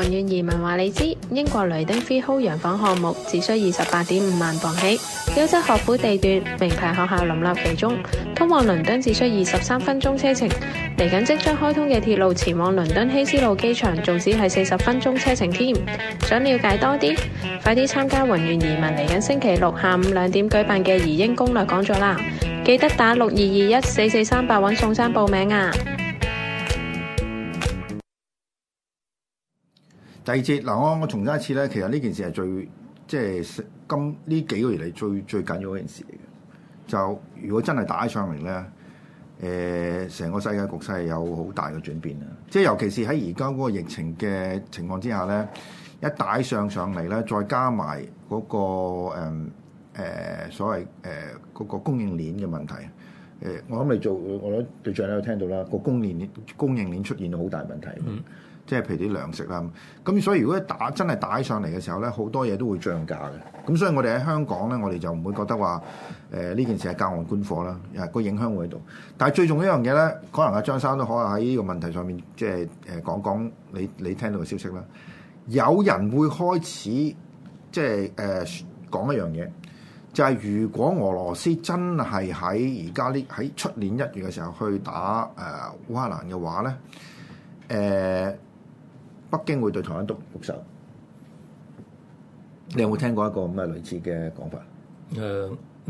宏遠移民話你知，英國雷丁飛豪洋房項目只需二十八點五萬鎊起，優質學府地段，名牌學校林立其中，通往倫敦只需二十三分鐘車程，嚟緊即將開通嘅鐵路前往倫敦希斯路機場，仲只係四十分鐘車程添。想了解多啲，快啲參加宏遠移民嚟緊星期六下午兩點舉辦嘅移英攻略講座啦！記得打六二二一四四三八搵宋生報名啊！第二節嗱，我我重申一次咧，其實呢件事係最即係今呢幾個月嚟最最緊要一件事嚟嘅。就如果真係打上嚟咧，誒、呃，成個世界局勢係有好大嘅轉變啊！即係尤其是喺而家嗰個疫情嘅情況之下咧，一打上上嚟咧，再加埋嗰、那個誒、呃、所謂誒嗰個供應鏈嘅問題誒，呃嗯、我諗我你做，我諗對象咧聽到啦，個供應鏈供應鏈出現咗好大問題、嗯。即係譬如啲糧食啦，咁所以如果打真係打上嚟嘅時候咧，好多嘢都會漲價嘅。咁所以我哋喺香港咧，我哋就唔會覺得話誒呢件事係隔岸觀火啦。誒、個影響會喺度，但係最重要一樣嘢咧，可能阿張生都可能喺呢個問題上面即係誒講講你你聽到嘅消息啦。有人會開始即係誒、呃、講一樣嘢，就係、是、如果俄羅斯真係喺而家呢喺出年一月嘅時候去打誒、呃、烏克蘭嘅話咧，誒、呃。北京會對台灣督督手，你有冇聽過一個咁嘅類似嘅講法？誒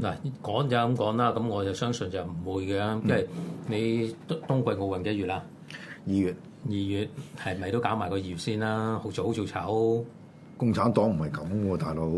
嗱、呃，講就咁講啦，咁我就相信就唔會嘅，即係你冬季奧運幾月啦、啊？二月，二月係咪都搞埋個二月先啦、啊？好早好早炒，共產黨唔係咁喎，大佬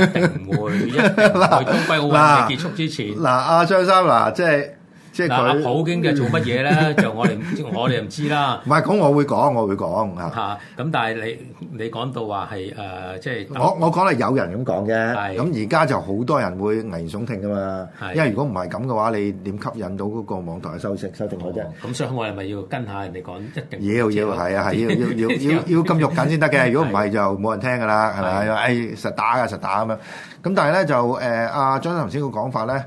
一定唔會。喺 冬季奧運未結束之前，嗱阿、呃呃、張三嗱、呃、即係。即係佢普京嘅做乜嘢咧？就我哋唔知，我哋唔知啦。唔係，咁我會講，我會講嚇。嚇咁，但係你你講到話係誒，即係我我講係有人咁講啫。咁而家就好多人會危言聳聽㗎嘛。因為如果唔係咁嘅話，你點吸引到嗰個網台嘅收息收定率啫？咁所以，我係咪要跟下人哋講？一定要要係啊，係要要要要要咁肉緊先得嘅。如果唔係就冇人聽㗎啦，係咪？誒實打啊，實打咁樣。咁但係咧就誒阿張生頭先個講法咧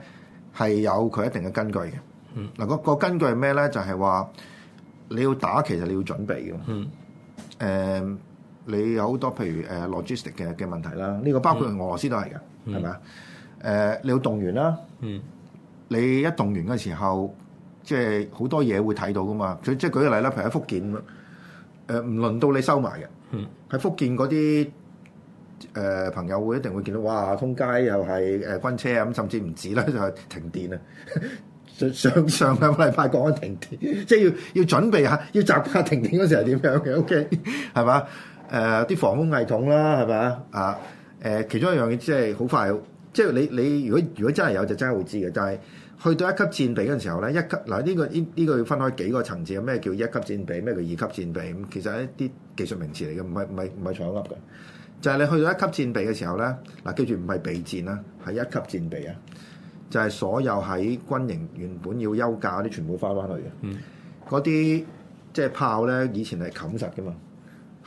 係有佢一定嘅根據嘅。嗱、嗯、個根據係咩咧？就係、是、話你要打其實你要準備嘅。嗯。誒、呃，你有好多譬如誒、呃、logistic 嘅嘅問題啦。呢、這個包括俄羅斯都係嘅，係咪啊？誒、呃，你要動員啦。嗯。你一動員嘅時候，即係好多嘢會睇到噶嘛。佢即係舉個例啦，譬如喺福建。誒、呃，唔輪到你收埋嘅。喺、嗯、福建嗰啲誒朋友會一定會見到，哇！通街又係誒軍車啊，咁甚至唔止啦，就 係停電啊。上上兩個禮拜講緊停電，即係要要準備下，要習慣停電嗰時候點樣嘅？OK，係嘛？誒、呃，啲防空系統啦，係咪？啊，誒、呃，其中一樣嘢即係好快，即係你你如果如果真係有就真係會知嘅。但係去到一級戰備嗰陣時候咧，一級嗱呢、呃呢個呢呢、呢個要分開幾個層次嘅？咩叫一級戰備？咩叫二級戰備？咁其實係一啲技術名詞嚟嘅，唔係唔係唔係錯噏嘅。就係、是、你去到一級戰備嘅時候咧，嗱、呃，記住唔係備戰啦，係一級戰備啊！就係所有喺軍營原本要休假啲，全部翻返去嘅。嗰啲即係炮咧，以前係冚實嘅嘛，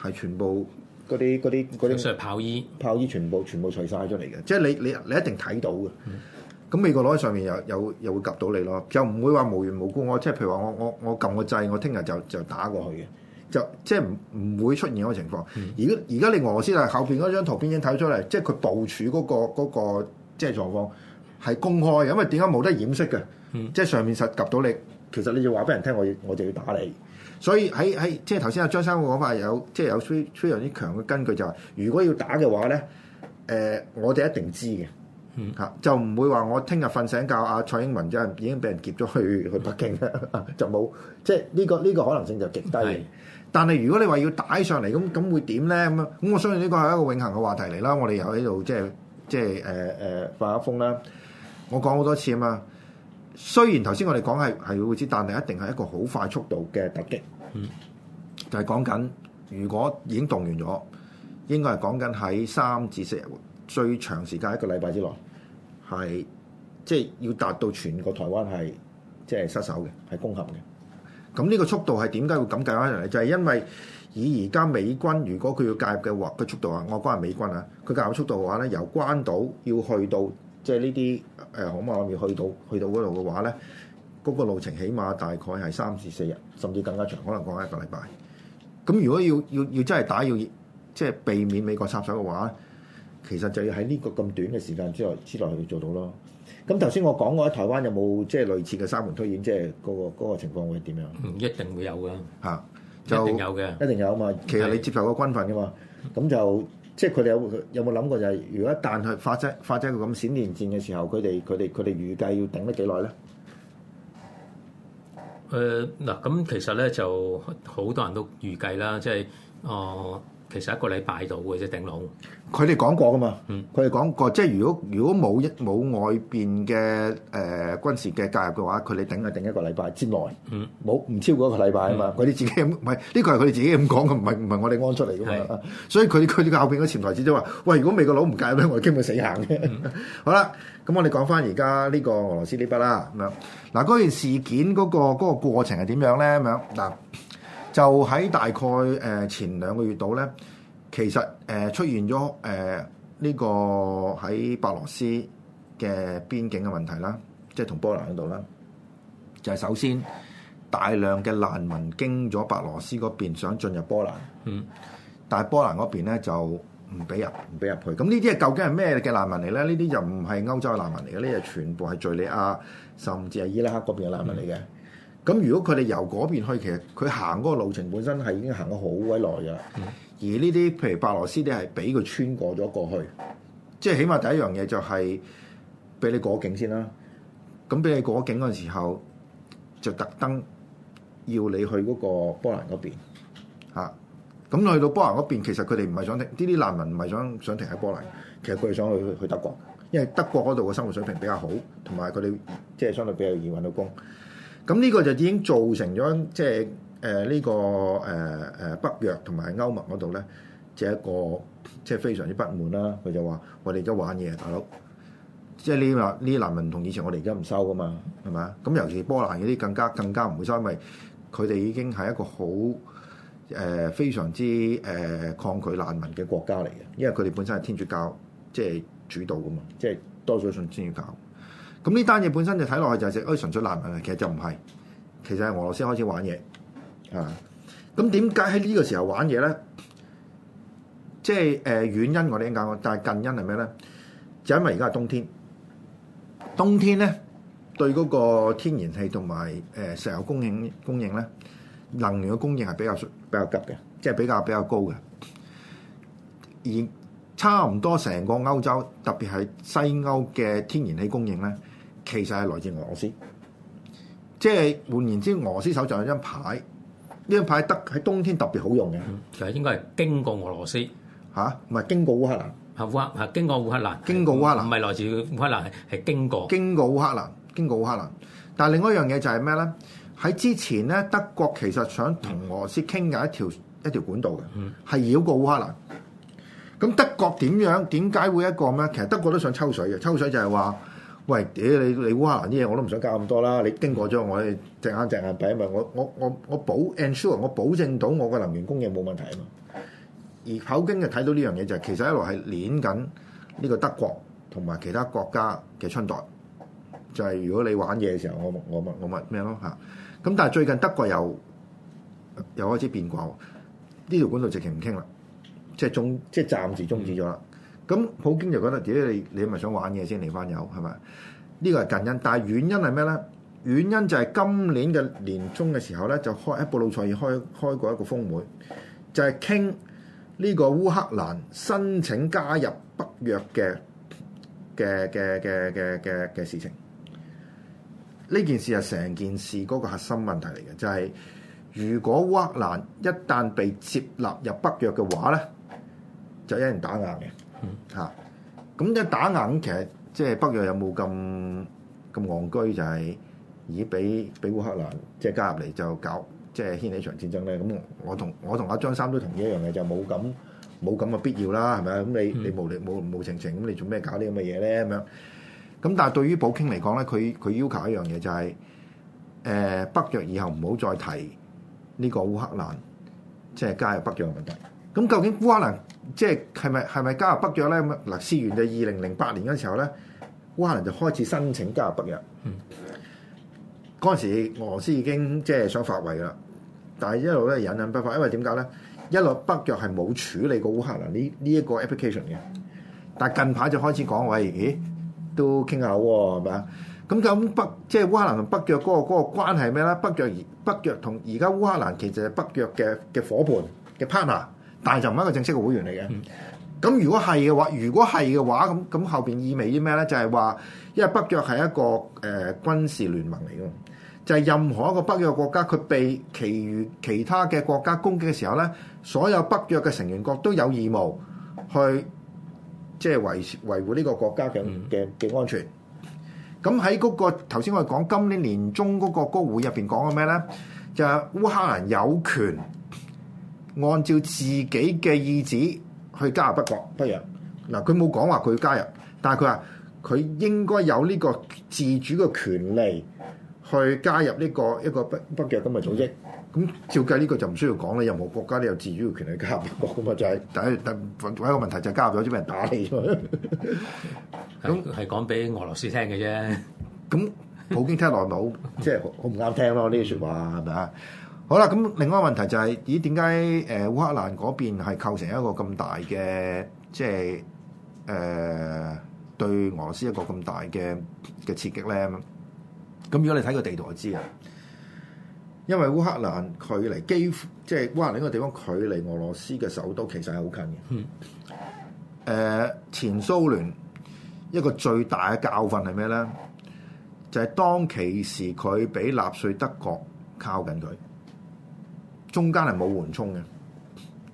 係全部嗰啲嗰啲嗰啲。即係炮衣，炮衣全部全部除晒咗嚟嘅。即係你你你一定睇到嘅。咁、嗯、美國攞喺上面又又又又會及到你咯，就唔會話無緣無故。我即係譬如話，我我我撳個掣，我聽日就就打過去嘅，就即係唔唔會出現嗰個情況。嗯、而而家你俄羅斯啊，後邊嗰張圖片已經睇出嚟，即係佢部署嗰、嗰個嗰、嗰個即係、嗰個、狀況。係公開嘅，因為點解冇得掩飾嘅，嗯、即係上面實及到你。其實你要話俾人聽，我要我就要打你。所以喺喺即係頭先阿張生嘅講法有，有即係有非常之強嘅根據，就係，就係如果要打嘅話咧，誒、呃、我哋一定知嘅，嚇、嗯啊、就唔會話我聽日瞓醒覺啊蔡英文就係已經俾人劫咗去去北京嘅， 就冇即係呢、呢個呢、呢個可能性就極低。但係如果你話要打上嚟咁咁會點咧咁啊？咁我相信呢個係一個永恆嘅話題嚟啦。我哋又喺度即係即係誒誒發下風啦。我講好多次啊嘛，雖然頭先我哋講係係會知，但係一定係一個好快速度嘅突擊。嗯，就係講緊，如果已經動員咗，應該係講緊喺三至四日，最長時間一個禮拜之內，係即係要達到全個台灣係即係失守嘅，係攻陷嘅。咁呢個速度係點解會咁計翻出嚟？就係因為以而家美軍如果佢要介入嘅話個速度啊，我講係美軍啊，佢介入速度嘅話咧，由關島要去到。即係呢啲誒海馬我要去到去到嗰度嘅話咧，嗰、嗰個路程起碼大概係三至四日，甚至更加長，可能講一個禮拜。咁如果要要要，要真係打要即係避免美國插手嘅話，其實就要喺呢個咁短嘅時間之內之內去做到咯。咁頭先我講過喺台灣有冇即係類似嘅三門推演，即係嗰個嗰、嗰個嗰個情況會係點樣？一定會有㗎嚇，就一定有嘅，一定有啊嘛。其實你接受個軍訓㗎嘛，咁就。即係佢哋有有冇諗過就係、是，如果一旦佢發出發出佢咁閃電戰嘅時候，佢哋佢哋佢哋預計要頂得幾耐咧？誒嗱、呃，咁其實咧就好多人都預計啦，即係哦。呃其實一個禮拜到嘅啫，頂籠。佢哋講過噶嘛，嗯，佢哋講過，即係如果如果冇一冇外邊嘅誒軍事嘅介入嘅話，佢哋頂係頂一個禮拜之內，嗯，冇唔超過一個禮拜啊嘛。佢哋自己唔係呢個係佢哋自己咁講嘅，唔係唔係我哋安出嚟噶嘛。所以佢佢後邊嘅潛台詞都話：喂，如果美國佬唔介入咧，我哋基本死硬嘅。好啦，咁我哋講翻而家呢個俄羅斯呢筆啦，咁樣嗱嗰件事件嗰個嗰個過程係點樣咧？咁樣嗱。就喺大概誒前兩個月度咧，其實誒出現咗誒呢個喺白羅斯嘅邊境嘅問題啦，即係同波蘭嗰度啦。就係、係、首先大量嘅難民經咗白羅斯嗰邊，想進入波蘭。嗯，但係波蘭嗰邊咧就唔俾入，唔俾入去。咁呢啲係究竟係咩嘅難民嚟咧？呢啲就唔係歐洲嘅難民嚟嘅，呢啲全部係敍利亞甚至係伊拉克嗰邊嘅難民嚟嘅。嗯。咁如果佢哋由嗰邊去，其實佢行嗰個路程本身係已經行咗好鬼耐噶啦。嗯、而呢啲譬如白羅斯啲係俾佢穿過咗過去，即係起碼第一樣嘢就係、係、俾你過境先啦。咁俾你過境嗰陣時候，就特登要你去嗰個波蘭嗰邊咁、啊、去到波蘭嗰邊，其實佢哋唔係想停，呢啲難民唔係想想停喺波蘭，其實佢哋想去去德國，因為德國嗰度嘅生活水平比較好，同埋佢哋即係相對比較易揾到工。咁呢個就已經造成咗即係誒呢個誒誒，呃呃，北約同埋歐盟嗰度咧，即係一個即係非常之不滿啦。佢就話：我哋而家玩嘢，大佬！即係呢啲難呢啲難民同以前我哋而家唔收㗎嘛，係咪啊？咁尤其波蘭嗰啲更加更加唔會收，因為佢哋已經係一個好誒，呃，非常之誒，呃，抗拒難民嘅國家嚟嘅，因為佢哋本身係天主教即係主導㗎嘛，即係多數信天主教。咁呢單嘢本身就睇落去就係食，誒純粹難民嘅，其實就唔係，其實係俄羅斯開始玩嘢啊！咁點解喺呢個時候玩嘢咧？即係誒遠因我哋已經講，但係近因係咩咧？就因為而家係冬天，冬天咧對嗰個天然氣同埋誒石油供應供應咧，能源嘅供應係比較比較急嘅，即係比較比較高嘅。而差唔多成個歐洲，特別係西歐嘅天然氣供應咧。其實係來自俄羅斯，即係換言之，俄羅斯手上有一張牌，呢張牌得喺冬天特別好用嘅、嗯。其實應該係經過俄羅斯嚇，唔係經過烏克蘭。係烏克，係經過烏克蘭，經過烏克蘭，唔係來自烏克蘭，係經過經過烏克蘭，經過烏克蘭。但係另外一樣嘢就係咩咧？喺之前咧，德國其實想同俄羅斯傾緊一條、嗯、一條管道嘅，係繞過烏克蘭。咁德國點樣？點解會一個咩？其實德國都想抽水嘅，抽水就係話。喂，屌你你烏克蘭啲嘢我都唔想搞咁多啦！你經過咗我哋隻眼隻眼眼閉啊嘛！我我我我保 ensure 我保證到我個能源供應冇問題啊嘛！而普京就睇到呢樣嘢，就係其實一路係撚緊呢個德國同埋其他國家嘅春袋，就係如果你玩嘢嘅時候，我我我問咩咯嚇？咁但係最近德國又又開始變卦，呢條管道直情唔傾啦，即係中即係暫時中止咗啦。嗯咁普京就覺得，咦？你你係咪想玩嘢先嚟翻有係咪？呢個係近因，但係原因係咩咧？原因就係今年嘅年中嘅時候咧，就開布魯塞爾開開過一個峰會，就係傾呢個烏克蘭申請加入北約嘅嘅嘅嘅嘅嘅嘅事情。呢件事係成件事嗰個核心問題嚟嘅，就係、是、如果烏克蘭一旦被接納入北約嘅話咧，就有人打壓嘅。Okay. 嚇！咁即係打硬，其實即係北約有冇咁咁戇居就係，而俾俾烏克蘭即係加入嚟就搞即係牽起場戰爭咧？咁我同我同阿張三都同意一樣嘢，就冇咁冇咁嘅必要啦，係咪啊？咁你你無理無無情情咁，你做咩搞啲咁嘅嘢咧？咁樣咁但係對於普京嚟講咧，佢佢要求一樣嘢就係，誒北約以後唔好再提呢個烏克蘭即係加入北約嘅問題。咁究竟烏克蘭？即係係咪係咪加入北約咧咁啊？嗱，思源就二零零八年嗰時候咧，烏克蘭就開始申請加入北約。嗯，嗰陣時俄羅斯已經即係想發圍啦，但係一路咧隱忍不發，因為點解咧？一路北約係冇處理過烏克蘭呢呢一個 application 嘅，但係近排就開始講話，咦、哎、都傾下樓喎，係咪啊？咁咁北即係烏克蘭同北約嗰個嗰個關係咩咧？北約而北約同而家烏克蘭其實係北約嘅嘅夥伴嘅 partner。但係就唔係一個正式嘅會員嚟嘅。咁、嗯、如果係嘅話，如果係嘅話，咁咁後邊意味啲咩咧？就係、是、話，因為北約係一個誒、呃、軍事聯盟嚟嘅，就係、是、任何一個北約國家佢被其餘其他嘅國家攻擊嘅時候咧，所有北約嘅成員國都有義務去即係、就是、維維護呢個國家嘅嘅嘅安全。咁喺嗰個頭先我哋講今年年中嗰個高會入邊講嘅咩咧？就係、是、烏克蘭有權。按照自己嘅意旨去加入北角北約，嗱佢冇講話佢加入，但係佢話佢應該有呢個自主嘅權利去加入呢個一個北北約金融組織。咁照計呢個就唔需要講啦，任何國家都有自主嘅權利加入北約。咁啊就係、是，但係但一個問題就係加入咗啲後俾人打你，咁係講俾俄羅斯聽嘅啫。咁普京聽落咪好即係好唔啱聽咯？呢句説話係咪啊？好啦，咁另外一個問題就係、是、咦，點解誒烏克蘭嗰邊係構成一個咁大嘅即係誒、呃、對俄羅斯一個咁大嘅嘅刺激咧？咁如果你睇個地圖，就知啦，因為烏克蘭佢離幾乎即係烏克蘭呢個地方，佢離俄羅斯嘅首都其實係好近嘅。誒、嗯呃，前蘇聯一個最大嘅教訓係咩咧？就係、是、當其時佢俾納粹德國靠近佢。中間係冇緩衝嘅，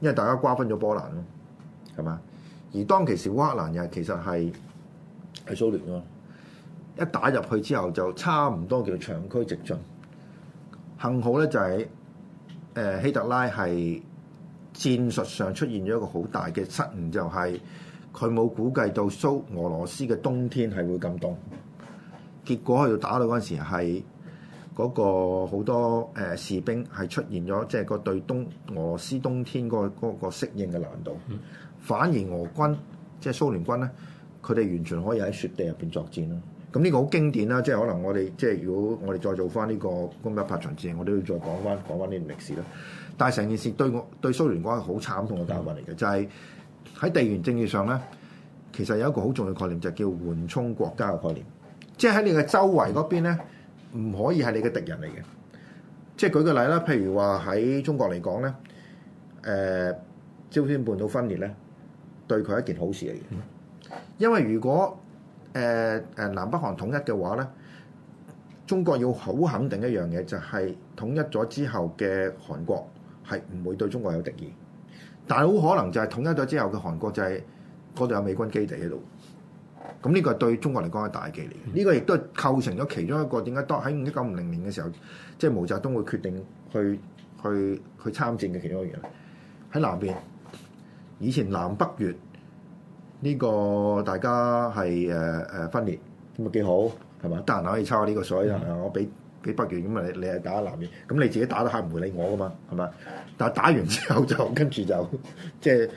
因為大家瓜分咗波蘭咯，係嘛？而當其時烏克蘭又係其實係喺蘇聯咯，一打入去之後就差唔多叫長驅直進。幸好咧就係、是、誒、呃、希特拉係戰術上出現咗一個好大嘅失誤，就係佢冇估計到蘇俄羅斯嘅冬天係會咁凍，結果去到打到嗰陣時係。嗰個好多誒士兵係出現咗，即係個對東俄羅斯冬天嗰個嗰個適應嘅難度。嗯、反而俄軍即係蘇聯軍咧，佢哋完全可以喺雪地入邊作戰啦。咁呢個好經典啦，即係可能我哋即係如果我哋再做翻呢個今日拍場戰，我都要再講翻講翻呢段歷史啦。但係成件事對我對蘇聯軍係好慘痛嘅教訓嚟嘅，嗯、就係喺地緣政治上咧，其實有一個好重要概念就係、叫緩衝國家嘅概念，即係喺你嘅周圍嗰邊咧。嗯唔可以係你嘅敵人嚟嘅，即係舉個例啦，譬如話喺中國嚟講咧，誒、呃、朝鮮半島分裂咧，對佢係一件好事嚟嘅，因為如果誒誒、呃、南北韓統一嘅話咧，中國要好肯定一樣嘢就係、是、統一咗之後嘅韓國係唔會對中國有敵意，但係好可能就係統一咗之後嘅韓國就係嗰度有美軍基地喺度。咁呢個對中國嚟講係大忌嚟嘅，呢、嗯、個亦都係構成咗其中一個點解當喺一九五零年嘅時候，即係毛澤東會決定去去去參戰嘅其中一樣。喺南邊，以前南北越呢、這個大家係誒誒分裂，咁咪幾好係嘛？得閒可以抽下呢個水，所以我俾俾北越，咁咪你你係打南越，咁你自己打都係唔會理我噶嘛，係嘛？但係打完之後就跟住就即係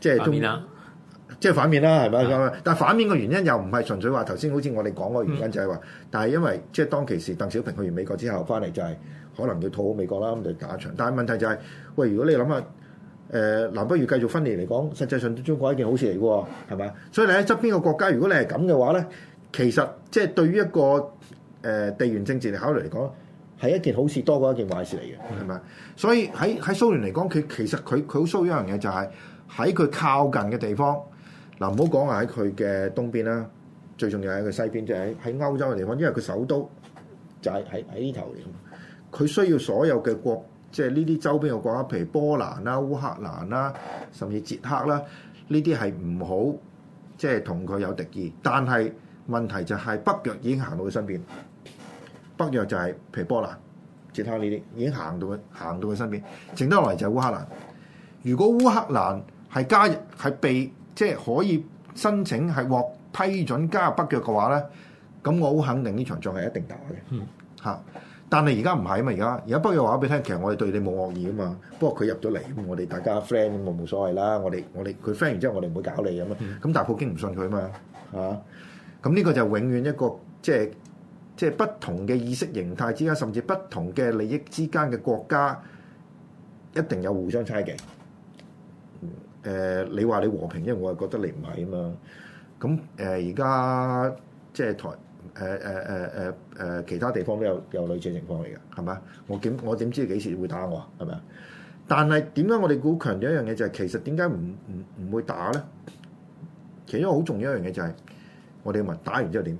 即係。邊、啊即係反面啦，係咪咁？嗯、但係反面嘅原因又唔係純粹話頭先，好似我哋講嗰個原因就係話，嗯、但係因為即係當其時，鄧小平去完美國之後翻嚟就係可能要討好美國啦，咁就打一場但係問題就係、是，喂，如果你諗下，誒、呃、南北越繼續分裂嚟講，實際上中國係一件好事嚟嘅，係嘛？所以你喺側邊嘅國家，如果你係咁嘅話咧，其實即係對於一個誒、呃、地緣政治嚟考慮嚟講，係一件好事多過一件壞事嚟嘅，係咪？所以喺喺蘇聯嚟講，佢其實佢佢好需要一樣嘢，就係喺佢靠近嘅地方。嗱，唔好講話喺佢嘅東邊啦，最重要喺佢西邊，就係喺喺歐洲嘅地方，因為佢首都就係喺喺呢頭嚟。佢需要所有嘅國，即係呢啲周邊嘅國家，譬如波蘭啦、烏克蘭啦，甚至捷克啦，呢啲係唔好，即係同佢有敵意。但係問題就係北約已經行到佢身邊，北約就係譬如波蘭、捷克呢啲已經行到行到佢身邊，剩得落嚟就係烏克蘭。如果烏克蘭係加入，係被即係可以申請係獲批准加入北約嘅話咧，咁我好肯定呢場仗係一定打嘅。嗯，嚇！但係而家唔係啊嘛，而家而家北約話俾你聽，其實我哋對你冇惡意啊嘛。嗯、不過佢入咗嚟，我哋大家 friend，我冇所謂啦。我哋我哋佢 friend 完之後，我哋唔會搞你咁啊。咁但係普京唔信佢啊嘛，嚇！咁呢個就永遠一個即係即係不同嘅意識形態之間，甚至不同嘅利益之間嘅國家，一定有互相猜忌。誒、呃，你話你和平，因為我係覺得你唔係啊嘛。咁、嗯、誒，而、呃、家即係台誒誒誒誒誒其他地方都有有類似嘅情況嚟嘅，係咪？我點我點知幾時會打我？係咪啊？但係點解我哋估強調一樣嘢就係、是，其實點解唔唔唔會打咧？其中好重要一樣嘢就係、是，我哋問打完之後點？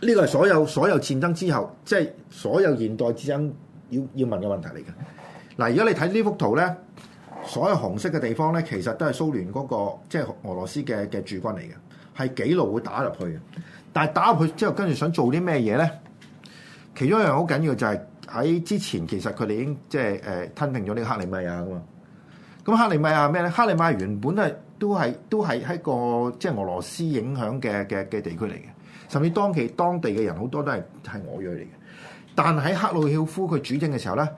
呢個係所有所有戰爭之後，即、就、係、是、所有現代之爭要要問嘅問題嚟嘅。嗱，如果你睇呢幅圖咧。所有紅色嘅地方咧，其實都係蘇聯嗰個即係俄羅斯嘅嘅駐軍嚟嘅，係幾路會打入去嘅。但係打入去之後，跟住想做啲咩嘢咧？其中一樣好緊要就係喺之前，其實佢哋已經即係誒吞併咗呢個克里米亞噶嘛。咁克里米亞咩咧？克里米亞原本係都係都係喺個即係俄羅斯影響嘅嘅嘅地區嚟嘅，甚至當其當地嘅人好多都係係俄裔嚟嘅。但喺克魯曉夫佢主政嘅時候咧，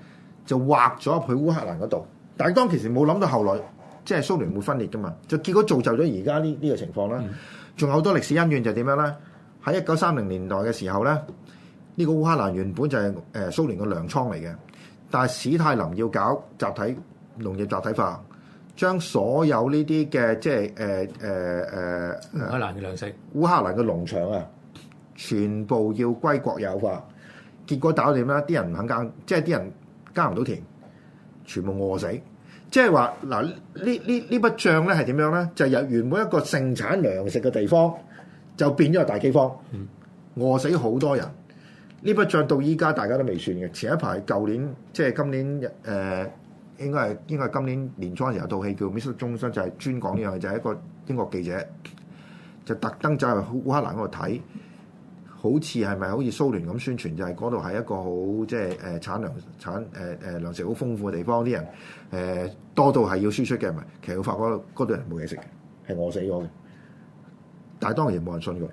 就劃咗去烏克蘭嗰度。但係當其時冇諗到後來，即係蘇聯會分裂噶嘛？就結果造就咗而家呢呢個情況啦。仲有好多歷史恩怨就係點樣咧？喺一九三零年代嘅時候咧，呢個烏克蘭原本就係誒蘇聯嘅糧倉嚟嘅，但係史太林要搞集體農業集體化，將所有呢啲嘅即係誒誒誒烏克蘭嘅糧食、烏克蘭嘅農場啊，全部要歸國有化。結果搞到點咧？啲人唔肯耕，即係啲人耕唔到田，全部餓死。即係話，嗱呢呢呢筆帳咧係點樣咧？就係、由原本一個盛產糧食嘅地方，就變咗個大饑荒，餓死好多人。呢筆帳到依家大家都未算嘅。前一排舊年，即係今年誒、呃，應該係應該係今年年初時候，套戲叫《Mr. Jones》，就係專講呢樣嘢，就係一個英國記者，就特登走去烏克蘭嗰度睇。好似係咪好似蘇聯咁宣傳，就係嗰度係一個好即係誒產糧、產誒誒糧食好豐富嘅地方，啲人誒多到係要輸出嘅，唔係其實佢發覺嗰度人冇嘢食嘅，係餓死咗嘅。但係當然冇人信佢，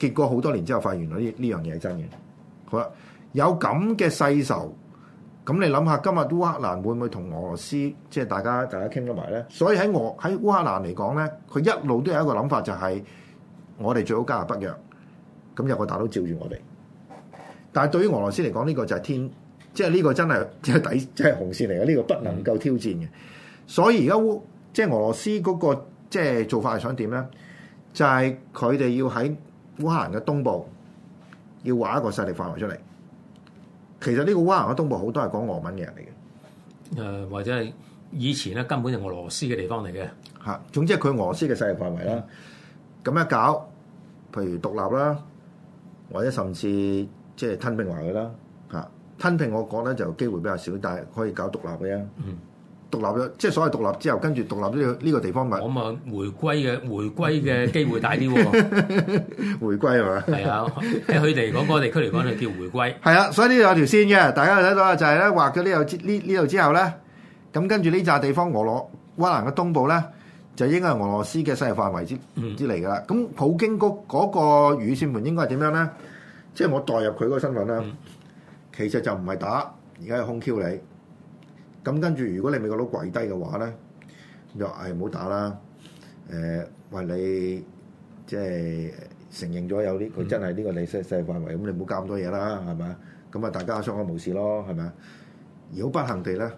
結果好多年之後發現，原來呢呢樣嘢係真嘅。好啦，有咁嘅世仇，咁你諗下，今日烏克蘭會唔會同俄羅斯即係、即係、大家大家傾得埋咧？所以喺俄喺烏克蘭嚟講咧，佢一路都有一個諗法，就係，就係我哋最好加入北約。咁有個大燈照住我哋，但係對於俄羅斯嚟講呢個就係天，即係呢個真係即係底，即係紅線嚟嘅，呢個不能夠挑戰嘅。所以而家烏即係俄羅斯嗰個即係做法係想點咧？就係佢哋要喺烏克蘭嘅東部，要畫一個勢力範圍出嚟。其實呢個烏克蘭嘅東部好多係講俄文嘅人嚟嘅，誒或者係以前咧根本就俄羅斯嘅地方嚟嘅。吓，總之係佢俄羅斯嘅勢力範圍啦。咁一搞，譬如獨立啦。或者甚至即係吞並埋佢啦，嚇吞並我覺得呢就機會比較少，但係可以搞獨立嘅啫。嗯、獨立咗，即係所謂獨立之後，跟住獨立呢、呢個呢、呢個地方咪？咁啊，回歸嘅回歸嘅機會大啲喎。 回歸係吧嘛？係啊，喺佢哋講嗰個地區嚟講，佢叫回歸。係 啊，所以呢度有條線嘅，大家睇到啊。就係、係、咧畫咗呢度之呢呢度之後咧，咁跟住呢揸地方我攞，烏克蘭嘅東部咧。就應該係俄羅斯嘅勢力範圍之、嗯、之嚟噶啦，咁普京嗰嗰個語線盤應該係點樣咧？即係我代入佢個身份啦，其實就唔係打，而家係空 Q 你。咁跟住如果你美國佬跪低嘅話咧，就唉唔好打啦。誒、呃，為你即係承認咗有啲、這、佢、個、真係呢個你勢勢力範圍，咁、嗯、你唔好搞咁多嘢啦，係咪？咁啊，大家相安無事咯，係咪？如果不幸地咧。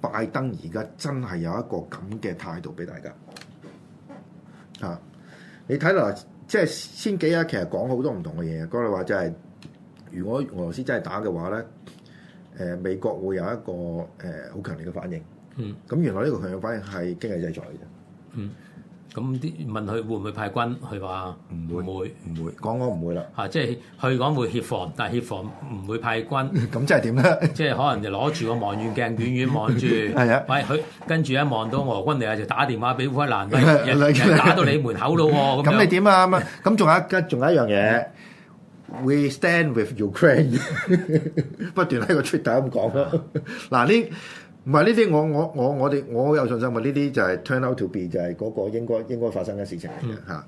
拜登而家真係有一個咁嘅態度俾大家啊！你睇落，即係先幾日其實講好多唔同嘅嘢。講句話就係，如果俄羅斯真係打嘅話咧，誒、呃、美國會有一個誒好、呃、強烈嘅反應。嗯，咁原來呢個強烈反應係經濟制裁。嘅。嗯。咁啲問佢會唔會派軍？佢話唔會，唔會，講講唔會啦。嚇，即係佢講會協防，但係協防唔會派軍。咁、嗯、即係點咧？即係可能就攞住個望遠鏡遠遠望住。係啊， 喂佢跟住一望到俄軍嚟啊，就打電話俾烏克蘭人，打到你門口咯喎。咁你點啊？咁仲 有一仲有一樣嘢，We stand with Ukraine， 不斷喺個 Twitter 咁講。嗱 呢～唔係呢啲，我我我我哋我好有信心話呢啲就係 turn out to be，就係嗰個應該應該發生嘅事情嚇。咁、嗯啊、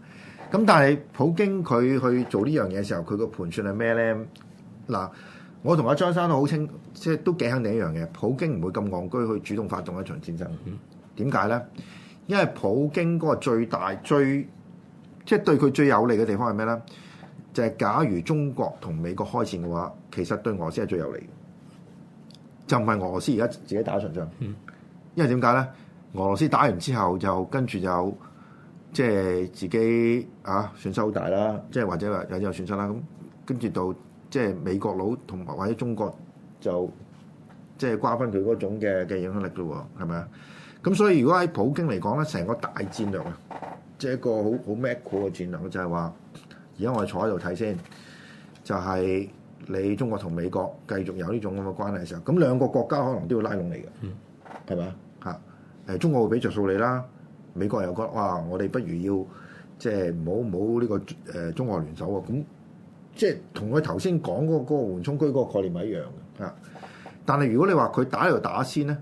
但係普京佢去做呢樣嘢嘅時候，佢個盤算係咩咧？嗱，我同阿張生都好清楚，即係都幾肯定一樣嘅。普京唔會咁戇居去主動發動一場戰爭。點解咧？因為普京嗰個最大最，最即係對佢最有利嘅地方係咩咧？就係、是、假如中國同美國開戰嘅話，其實對俄先係最有利。就唔係俄羅斯而家自己打場仗，因為點解咧？俄羅斯打完之後就跟住就即係自己啊損失好大啦，即係或者有啲損失啦。咁跟住到，即係美國佬同埋或者中國就即係瓜分佢嗰種嘅嘅影響力咯，係咪啊？咁所以如果喺普京嚟講咧，成個大戰略啊，即係一個好好咩酷嘅戰略就係話，而家我哋坐喺度睇先，就係、是。你中國同美國繼續有呢種咁嘅關係嘅時候，咁兩個國家可能都要拉攏你嘅，係咪、嗯？嚇，誒、啊、中國會俾着數你啦，美國又覺得：「哇，我哋不如要即係冇冇呢個誒、呃、中俄聯手喎、啊，咁即係同佢頭先講嗰個嗰、嗰個緩衝區個概念係一樣嘅。嚇、啊，但係如果你話佢打又打先咧，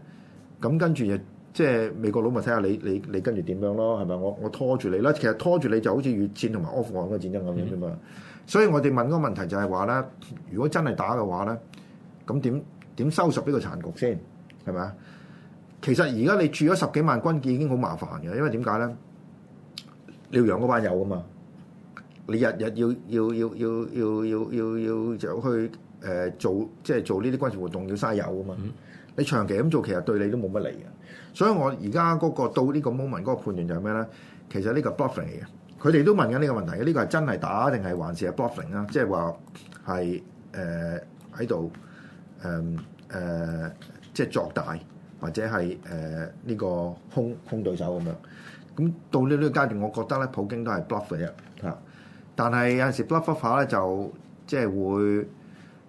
咁跟住就。即係美國佬咪睇下你你你跟住點樣咯，係咪？我我拖住你啦，其實拖住你就好似越戰同埋阿富汗個戰爭咁樣啫嘛。所以我哋問個問題就係話咧，如果真係打嘅話咧，咁點點收拾呢個殘局先？係咪啊？其實而家你住咗十幾萬軍建已經好麻煩嘅，因為點解咧？你要養嗰班友啊嘛，你日日要要要要要要要要去、呃、就去、是、誒做即係做呢啲軍事活動要嘥油啊嘛。你長期咁做，其實對你都冇乜利嘅，所以我而家嗰個到呢個 moment 嗰個判斷就係咩咧？其實呢個 bluffing 嘅，佢哋都問緊呢個問題嘅。呢、呢個係真係打定係還是係 bluffing 啦？即係話係誒喺度誒誒，即係、呃呃呃就是、作大或者係誒呢個空空對手咁樣。咁到呢呢個階段，我覺得咧，普京都係 bluff 嚟嘅嚇。但係有陣時 bluff 化咧，就即、是、係會誒、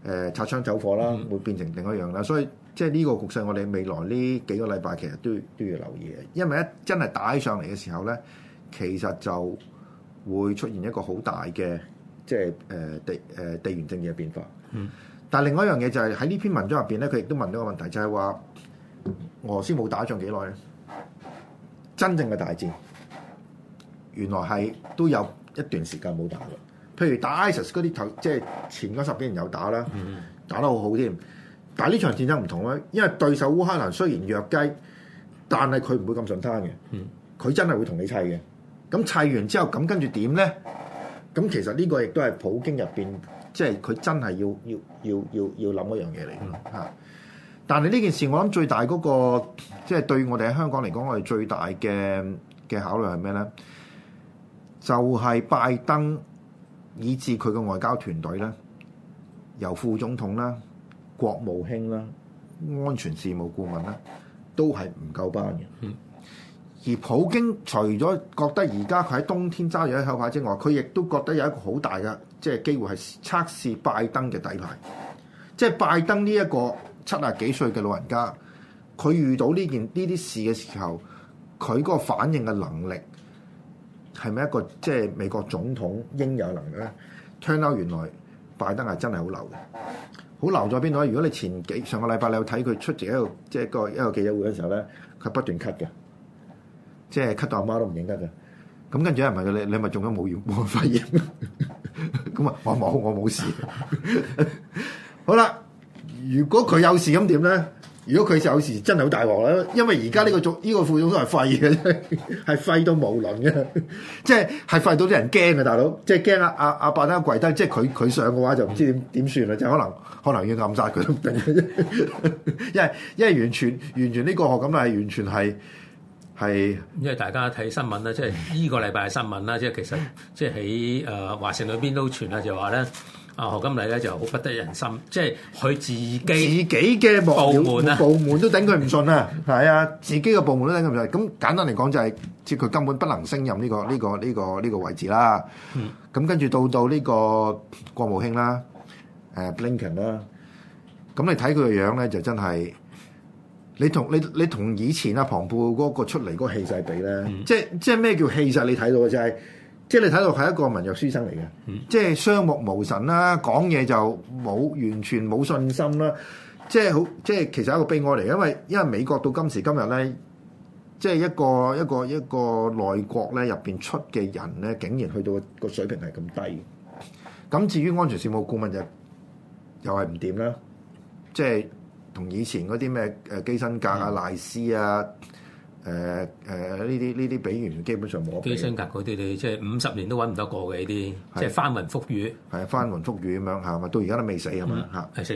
呃、擦槍走火啦，會變成另一樣啦。所以。即係呢個局勢，我哋未來呢幾個禮拜其實都都要留意嘅，因為一真係打起上嚟嘅時候咧，其實就會出現一個好大嘅即係誒、呃、地誒、呃、地緣政治嘅變化。嗯、但另外一樣嘢就係喺呢篇文章入邊咧，佢亦都問到個問題，就係、是、話俄羅斯冇打仗幾耐咧？真正嘅大戰原來係都有一段時間冇打嘅，譬如打 ISIS 嗰啲頭，即係前嗰十幾年有打啦，嗯、打得好好添。但係呢場戰爭唔同啦，因為對手烏克蘭雖然弱雞，但係佢唔會咁順攤嘅。佢真係會同你砌嘅。咁砌完之後，咁跟住點咧？咁其實呢個亦都係普京入邊，即係佢真係要要要要要諗一樣嘢嚟嘅嚇。但係呢件事，我諗最大嗰個，即係對我哋喺香港嚟講，我哋最大嘅嘅考慮係咩咧？就係拜登以至佢嘅外交團隊啦，由副總統啦。國務卿啦，安全事務顧問啦，都係唔夠班嘅。嗯、而普京除咗覺得而家佢喺冬天揸住一口牌之外，佢亦都覺得有一個好大嘅即係機會係測試拜登嘅底牌。即係拜登呢一個七廿幾歲嘅老人家，佢遇到呢件呢啲事嘅時候，佢嗰個反應嘅能力係咪一個即係美國總統應有能力咧？turn out 原來。拜登係真係好流嘅，好流咗邊度啊？如果你前幾上個禮拜你有睇佢出席一個即係個一個記者會嘅時候咧，佢不斷咳嘅，即係咳到阿媽都唔認得嘅。咁跟住有人問佢：你你係咪中咗冇氧冇肺炎？咁啊， 我冇，我冇事。 好啦，如果佢有事咁點咧？如果佢就有時真係好大鑊啦，因為而家呢個總呢個副總都係廢嘅，係廢到冇輪嘅，即係係廢到啲人驚嘅大佬，即係驚啊！阿阿伯呢跪低，即係佢佢上嘅話就唔知點點算啦，就可能可能要暗殺佢，因為因為完全完全呢個咁啊係完全係係，因為大家睇新聞啦，即係呢個禮拜新聞啦，即係其實即係喺誒華城裏邊都傳啦，就話咧。啊，賀錦麗咧就好不得人心，即係佢自己自己嘅部門啊，部門，啊部門都頂佢唔順啊，係 啊，自己嘅部門都頂佢唔順。咁簡單嚟講就係，即佢根本不能升任呢、呢個呢、呢個呢個呢個位置啦。咁、嗯、跟住到到呢個國務卿啦，誒、啊、Blinken 啦，咁你睇佢個樣咧，就真係你同你你，你同以前阿彭布哥個出嚟嗰個氣勢比咧、嗯，即即咩叫氣勢？你睇到嘅就係、是。即係你睇到係一個文弱書生嚟嘅、嗯啊啊，即係雙目無神啦，講嘢就冇完全冇信心啦。即係好，即係其實係一個悲哀嚟，因為因為美國到今時今日咧，即係一個一個一個,一個內閣咧入邊出嘅人咧，竟然去到個水平係咁低。咁至於安全事務顧問就係、又係唔掂啦，即係同以前嗰啲咩誒基辛格啊價、賴斯啊。嗯誒誒，呢啲呢啲比完，基本上冇。基辛格嗰啲，你即係五十年都揾唔得過嘅呢啲，即係翻雲覆雨。係啊，翻雲覆雨咁樣吓，嘛，到而家都未死啊嘛吓。係死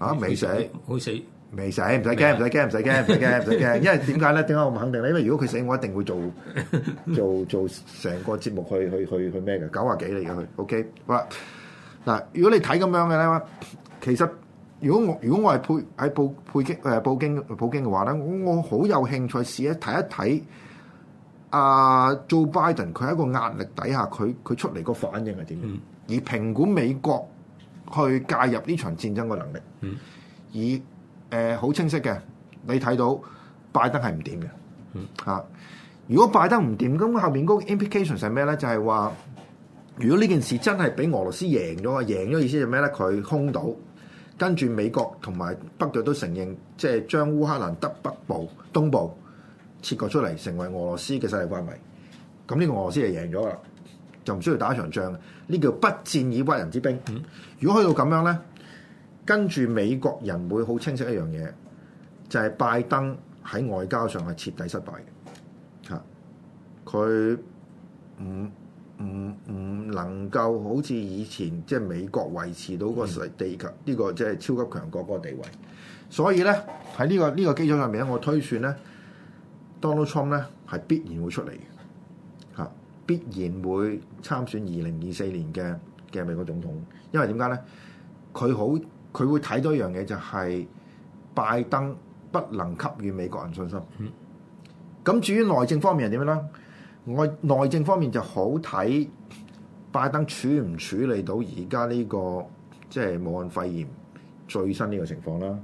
喎！未死。好死。未死，唔使驚，唔使驚，唔使驚，唔使驚，唔使驚。因為點解咧？點解我唔肯定咧？因為如果佢死，我一定會做做做成個節目去去去去咩嘅？九啊幾嚟嘅佢。OK，好啦。嗱，如果你睇咁樣嘅咧，其實。如果我如果我係佩喺、呃、布佩京誒普京普京嘅話咧，我好有興趣試一睇一睇啊，做拜登佢喺一個壓力底下，佢佢出嚟個反應係點，而評估美國去介入呢場戰爭嘅能力，而誒好、呃、清晰嘅，你睇到拜登係唔掂嘅嚇。如果拜登唔掂，咁後面嗰個 implication 係咩咧？就係、是、話如果呢件事真係俾俄羅斯贏咗啊，贏咗意思就咩咧？佢空到。跟住美國同埋北約都承認，即係將烏克蘭德北部、東部切割出嚟，成為俄羅斯嘅勢力範圍。咁呢個俄羅斯就贏咗啦，就唔需要打一場仗。呢叫不戰而屈人之兵。如果去到咁樣呢，跟住美國人會好清晰一樣嘢，就係、是、拜登喺外交上係徹底失敗嘅。嚇，佢、嗯、唔。唔唔能夠好似以前即係美國維持到個地球，呢、嗯呢個即係超級強國嗰個地位，所以咧喺呢、呢個呢、呢個基礎上面咧，我推算咧 Donald Trump 咧係必然會出嚟嘅嚇，必然會參選二零二四年嘅嘅美國總統。因為點解咧？佢好佢會睇到一樣嘢就係、是、拜登不能給予美國人信心。咁、嗯、至於內政方面係點樣咧？我內政方面就好睇拜登處唔處理到而家呢個即係武漢肺炎最新呢個情況啦。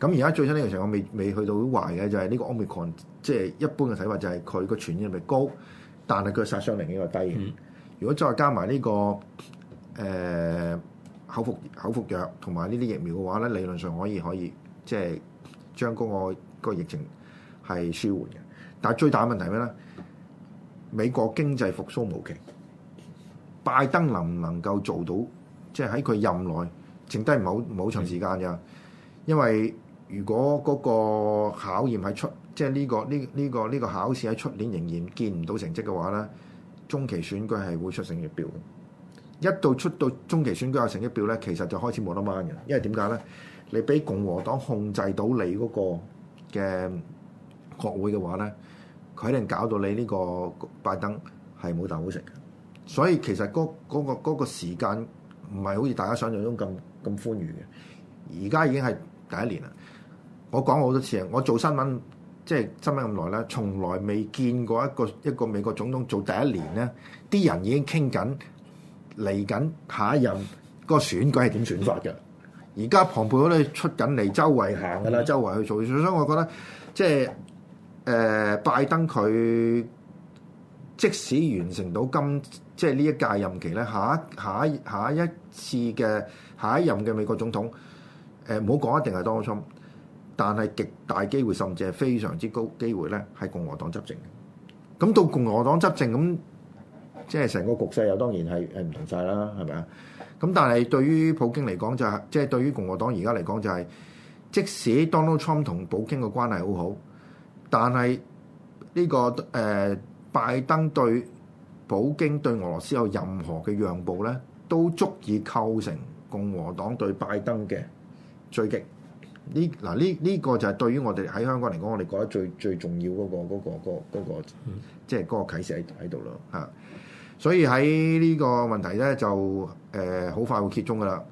咁而家最新呢個情況未未去到壞嘅就係、是、呢個 Omicron，即係一般嘅睇法就係佢個傳染力高，但係佢殺傷力比較低。如果再加埋呢、這個誒、呃、口服口服藥同埋呢啲疫苗嘅話咧，理論上可以可以即係、就是、將嗰、那個、那個疫情係舒緩嘅。但係最大問題咩咧？美國經濟復甦無期，拜登能唔能夠做到？即係喺佢任內剩低唔好長時間咋？因為如果嗰個考驗喺出，即係呢、呢個呢呢、呢個呢、呢個考試喺出年仍然見唔到成績嘅話咧，中期選舉係會出成績表，一到出到中期選舉有成績表咧，其實就開始冇得掹嘅，因為點解咧？你俾共和黨控制到你嗰個嘅國會嘅話咧，佢一定搞到你呢個拜登係冇啖好食嘅，所以其實嗰嗰個嗰個時間唔係好似大家想象中咁咁寬裕嘅。而家已經係第一年啦，我講過好多次啊，我做新聞即係新聞咁耐啦，從來未見過一個一個美國總統做第一年咧，啲人已經傾緊嚟緊下一任個選舉係點選法嘅。而家蓬佩奧都出緊嚟，周圍行噶啦，周圍去做，的所以我覺得即係。誒、呃，拜登佢即使完成到今即係呢一屆任期咧，下一下一下一次嘅下一任嘅美國總統，唔好講一定係 Donald Trump，但係極大機會甚至係非常之高機會咧，係共和黨執政嘅。咁到共和黨執政咁，即係成個局勢又當然係係唔同晒啦，係咪啊？咁但係對於普京嚟講就係、是，即係對於共和黨而家嚟講就係、是，即使 Donald Trump 同普京嘅關係好好。但係呢、呢個誒、呃，拜登對普京對俄羅斯有任何嘅讓步咧，都足以構成共和黨對拜登嘅追擊。呢嗱呢呢個就係對於我哋喺香港嚟講，我哋覺得最最重要嗰、嗰個嗰、嗰個、嗰個嗰個、即係嗰個啟示喺喺度咯嚇。所以喺呢個問題咧，就誒好、呃、快會揭盅噶啦。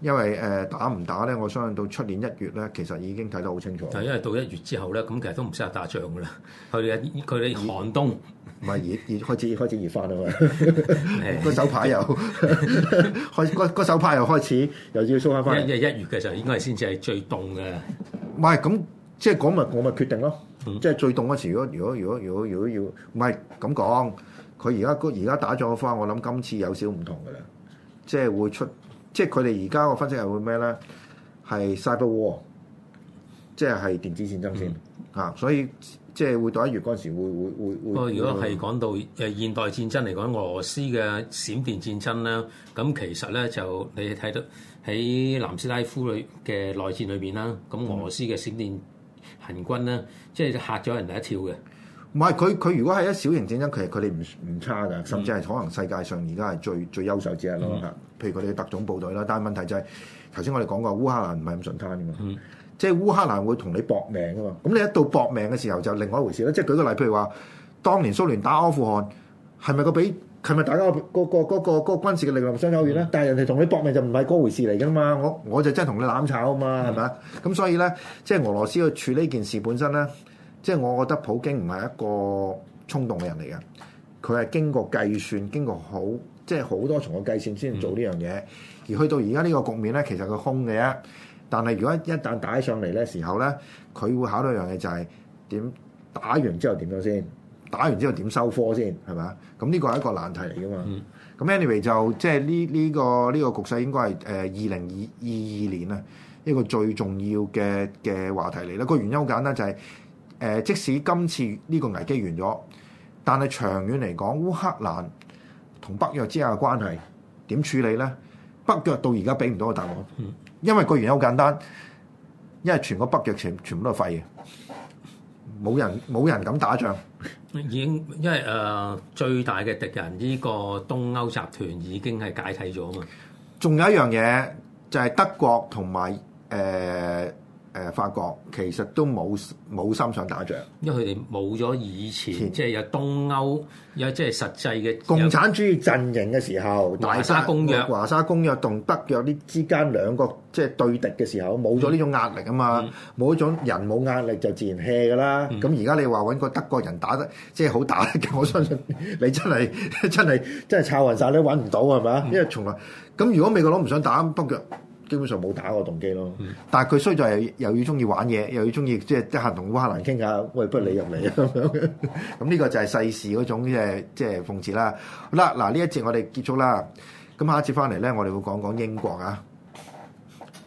因為誒打唔打咧，我相信到出年一月咧，其實已經睇得好清楚。但因為到一月之後咧，咁其實都唔適合打仗噶啦。佢哋佢哋寒冬熱，唔係熱熱開始開始熱翻啦嘛。手牌又開，個個手牌又開始又要縮翻翻。一一月嘅時候應該係先至係最凍嘅。唔係咁，即係咁咪我咪決定咯。即係最凍嗰時，如果如果如果如果要，唔係咁講。佢而家而家打仗嘅話，我諗今次有少唔同噶啦，即係會出。即係佢哋而家個分析係會咩咧？係 cyber war，即係係電子戰爭先嚇、嗯啊，所以即係會到一月嗰陣時會會會。如果係講到誒現代戰爭嚟講，俄羅斯嘅閃電戰爭啦。咁其實咧就你睇到喺南斯拉夫裏嘅內戰裏邊啦，咁俄羅斯嘅閃電行軍咧，即係嚇咗人哋一跳嘅。唔係佢佢如果係一小型戰爭，其實佢哋唔唔差㗎，甚至係可能世界上而家係最最優秀之一咯嚇。嗯譬如佢哋嘅特種部隊啦，但係問題就係頭先我哋講過，烏克蘭唔係咁順攤嘅嘛，嗯、即係烏克蘭會同你搏命啊嘛。咁你一到搏命嘅時候，就另外一回事啦。即係舉個例，譬如話，當年蘇聯打阿富汗，係咪、嗰個比係咪大家個、嗰個嗰、嗰個嗰個軍事嘅力量相差好遠咧？嗯、但係人哋同你搏命就唔係嗰回事嚟嘅嘛。我我就真係同你攬炒啊嘛，係咪啊？咁、嗯、所以咧，即係俄羅斯去處理呢件事本身咧，即係我覺得普京唔係一個衝動嘅人嚟嘅，佢係經過計算，經過好，好。即係好多從我計算先做呢樣嘢，而去到而家呢個局面咧，其實佢空嘅。但係如果一旦打上嚟嘅時候咧，佢會考慮一樣嘢就係點打完之後點樣先，打完之後點收科先係咪？咁呢個係一個難題嚟㗎嘛。咁、嗯、anyway 就即係呢呢個呢、呢個局勢應該係誒二零二二二年啊，一個最重要嘅嘅話題嚟啦。個原因好簡單就係、是、誒，即使今次呢個危機完咗，但係長遠嚟講，烏克蘭。同北約之間嘅關係點處理咧？北約到而家俾唔到個答案，因為個原因好簡單，因為全個北約全全部都係廢嘅，冇人冇人敢打仗。已經因為誒、呃、最大嘅敵人呢、呢個東歐集團已經係解體咗啊嘛。仲有一樣嘢就係、係、德國同埋誒。呃誒法國其實都冇冇心想打仗，因為佢哋冇咗以前即係有東歐有即係實際嘅共產主義陣營嘅時候，大沙公約華沙公約同北約啲之間兩個即係對敵嘅時候，冇咗呢種壓力啊嘛，冇呢種人冇壓力就自然 hea 㗎啦。咁而家你話揾個德國人打得即係好打，我相信你真係真係真係炒暈晒，你揾唔到係咪？因為從來咁如果美國佬唔想打北約。基本上冇打過動機咯，嗯、但係佢衰在又要又要鍾意玩嘢，又要鍾意即係得閒同烏克蘭傾下，喂不如你入嚟咁樣，咁呢個就係世事嗰種嘅即係諷刺啦。好啦，嗱呢一節我哋結束啦，咁下一節翻嚟咧，我哋會講講英國啊。